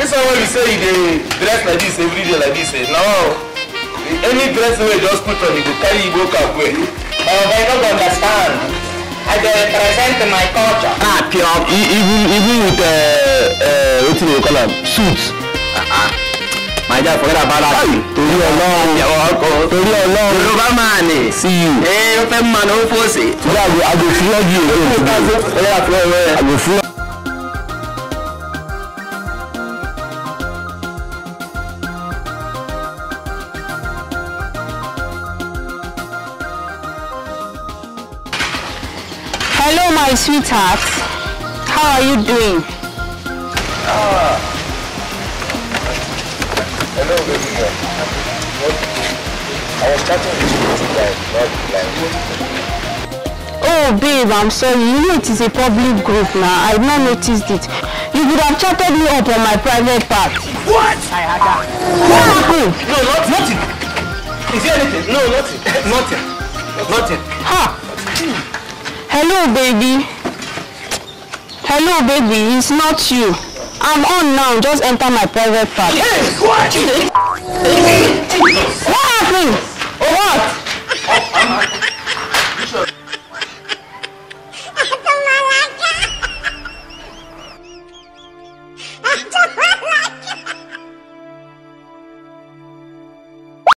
this one wey be say you dey dress like this every day like this eh na all any dress wey you just put on you go carry igbo cap wear. Uh, they don't understand. I dey represent my culture. Ah, pure. E, even even with uh, uh, wetin dey call am suits. Uh My dad forget about that. Torí Ọlọ́run. Torí Ọlọ́run. Yorùbá máa nì. Eh. See you. Ee, o fẹ́ mọ̀ ní o fò sí. Torí àgò àgò fúlọ́ọ̀gì òde òde. I go flog you. Hello, my sweetheart. How are you doing? Ah. Hello, baby girl. I was chatting with you today, not Oh, babe, I'm sorry. You know it is a public group now. I've not noticed it. You would have chatted me up on my private part. What? I had that. What happened? No, not, nothing. Is there anything? No, nothing. nothing. Nothing. Hello, baby. Hello, baby. It's not you. I'm on now. Just enter my private part. Yes, what? what happened? Oh, what?